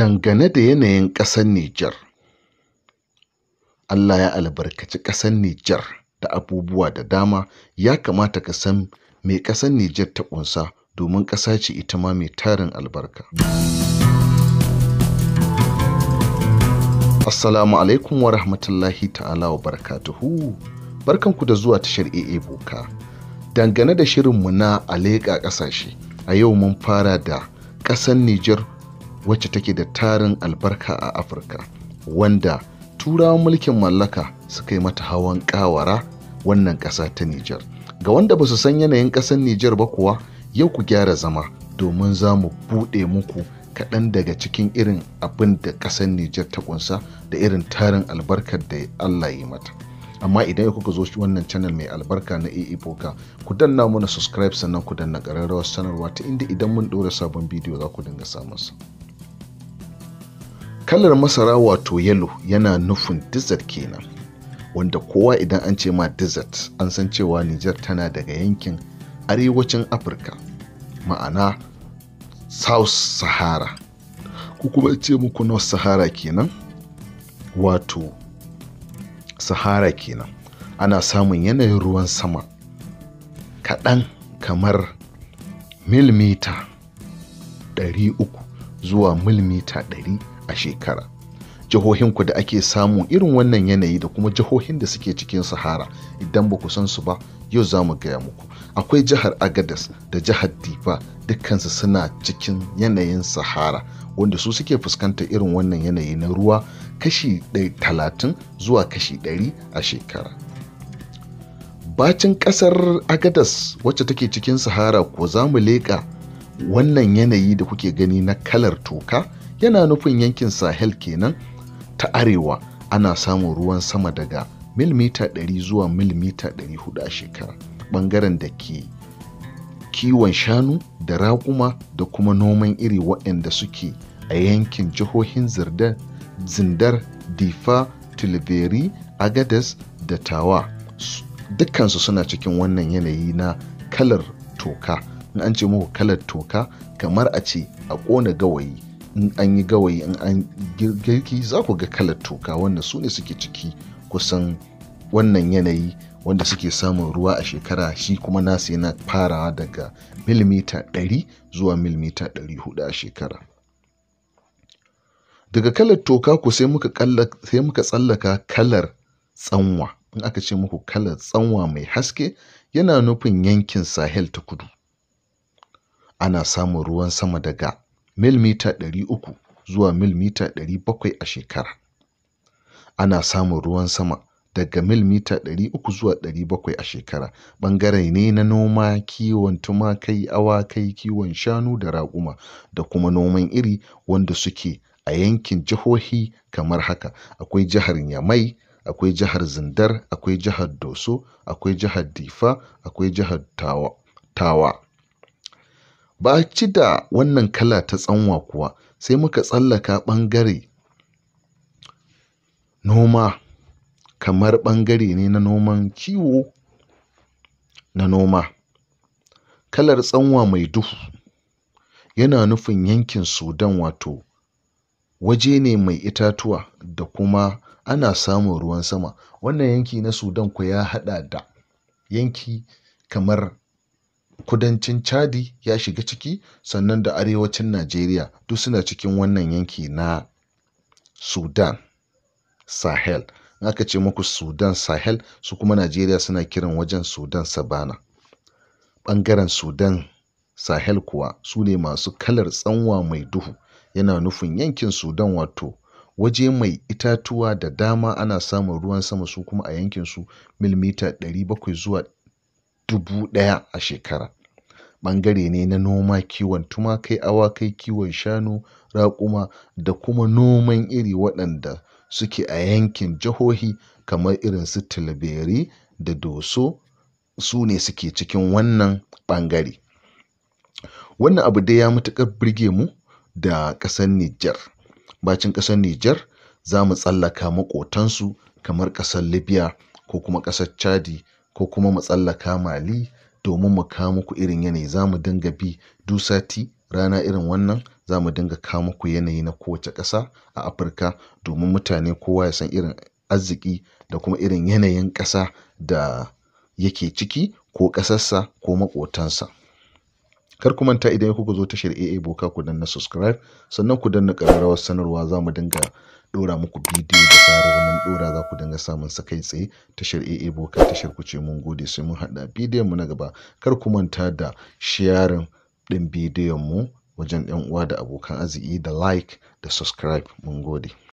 dangane da yanayin ƙasar Nijar, Allah ya albarkaci ƙasar Nijar da abubuwa da dama, ya kamata ka san mai ƙasar Nijar ta ƙunsa domin ƙasa ce ita ma mai tarin albarka. Assalamu alaikum wa rahmatullahi ta'ala wa barakatuhu. Barkanku da zuwa tashar AA Boka. Dangane da shirinmu na Aleka ƙasashe, a yau mun fara da ƙasar Nijar wacce take da tarin albarka a afirka wanda turawan mulkin mallaka suka yi mata hawan kawara wannan ƙasa ta nijar ga wanda ba su san yanayin ƙasar nijar ba kuwa yau ku gyara zama domin za mu buɗe muku kaɗan daga cikin irin abin da ƙasar nijar ta ƙunsa da irin tarin albarkar da allah yi mata amma idan ya kuka zo wannan channel mai albarka na ee Poka ku danna mana subscribe sannan ku danna ƙararrawar sanarwa ta inda idan mun ɗora sabon bidiyo za ku dinga samun sa. kalar masara wato yalo yana nufin desert kenan wanda kowa idan an ce ma desert an san cewa Nijar tana daga yankin arewacin Afirka ma'ana South Sahara ko kuma ce muku North Sahara kenan wato Sahara kenan ana samun yanayin ruwan sama kaɗan kamar milimita 300 zuwa milimita ɗari. a shekara jihohin ku da ake samu irin wannan yanayi da kuma jihohin da suke cikin sahara idan ba ku san su ba yau za mu gaya muku akwai jihar agadas da jihar difa dukkansu suna cikin yanayin sahara wanda su suke fuskantar irin wannan yanayi na ruwa kashi talatin zuwa kashi ɗari a shekara bacin kasar agadas wacce take cikin sahara ko za mu leƙa wannan yanayi da kuke gani na kalar toka yana nufin yankin sahel kenan ta arewa ana samun ruwan sama daga milimita 100 zuwa milimita 400 a shekara bangaren da ke kiwon shanu da raƙuma da kuma noman iri waɗanda suke a yankin jihohin zindar difa tilberi agades da tawa dukkansu suna cikin wannan yanayi na kalar toka in an ce muku kalar toka kamar a ce a ƙona gawayi in an yi gawayi in an girki za ku ga kalar toka wannan su ne suke ciki kusan wannan yanayi wanda suke samun ruwa a shekara shi kuma nasu yana farawa daga milimita 100 zuwa milimita 400 a shekara daga kalar toka ku sai muka tsallaka kalar tsanwa in aka ce muku kalar tsanwa mai haske yana nufin yankin sahel ta kudu ana samun ruwan sama daga milimita ɗari uku zuwa milimita ɗari bakwai a shekara. Ana samun ruwan sama daga milimita ɗari uku zuwa ɗari bakwai a shekara. Ɓangare ne na noma, kiwon tumakai, awakai, kiwon shanu da raƙuma da kuma noman iri wanda suke a yankin jihohi kamar haka: akwai jihar Nyamai, akwai jihar Zindar, akwai jihar Doso, akwai jihar Difa, akwai jihar Tawa. Ba ci da wannan kala ta tsanwa kuwa sai muka tsallaka ɓangare noma kamar ɓangare ne na noman kiwo na noma. Kalar tsanwa mai duhu yana nufin yankin Sudan wato waje ne mai itatuwa da kuma ana samun ruwan sama. Wannan yanki na Sudan ku ya haɗa da yanki kamar kudancin Chadi ya shiga ciki sannan da arewacin Najeriya duk suna cikin wannan yanki na Sudan Sahel. aka ce muku Sudan Sahel su kuma Najeriya suna kiran wajen Sudan sabana Ɓangaren Sudan Sahel kuwa su ne masu kalar tsanwa mai duhu yana nufin yankin Sudan wato waje mai itatuwa da dama ana samun ruwan sama su kuma a yankin su milimita 700 zuwa 1000 a shekara. ɓangare ne na noma, kiwon tumakai, awakai, kiwon shanu, raƙuma da kuma noman iri waɗanda suke a yankin jihohi kamar irin su Tilaberi da Doso su ne suke cikin wannan ɓangare. Wannan abu dai ya matuƙar burge mu da ƙasar Nijar. Bacin ƙasar Nijar za mu tsallaka maƙotansu kamar ƙasar Libya ko kuma ƙasar Chadi ko kuma mu tsallaka Mali domin mu kawo muku irin yanayi. Za mu dinga bi duk sati rana irin wannan za mu dinga kawo muku yanayi na kowace ƙasa a Afirka domin mutane kowa ya san irin arziki da kuma irin yanayin ƙasa da yake ciki ko ƙasarsa ko maƙotansa. kar ku manta idan kuka zo tashar AA Boka ku danna subscribe sannan ku danna ƙararrawar sanarwa za mu dinga ɗora muku bidiyo da zarar mun ɗora za ku dinga samun sa kai tsaye tashar AA Boka tashar ku ce mun gode sai mun haɗa bidiyon mu na gaba kar ku manta da sharing ɗin bidiyon mu wajen 'yan uwa da abokan arziki da like da subscribe mun gode.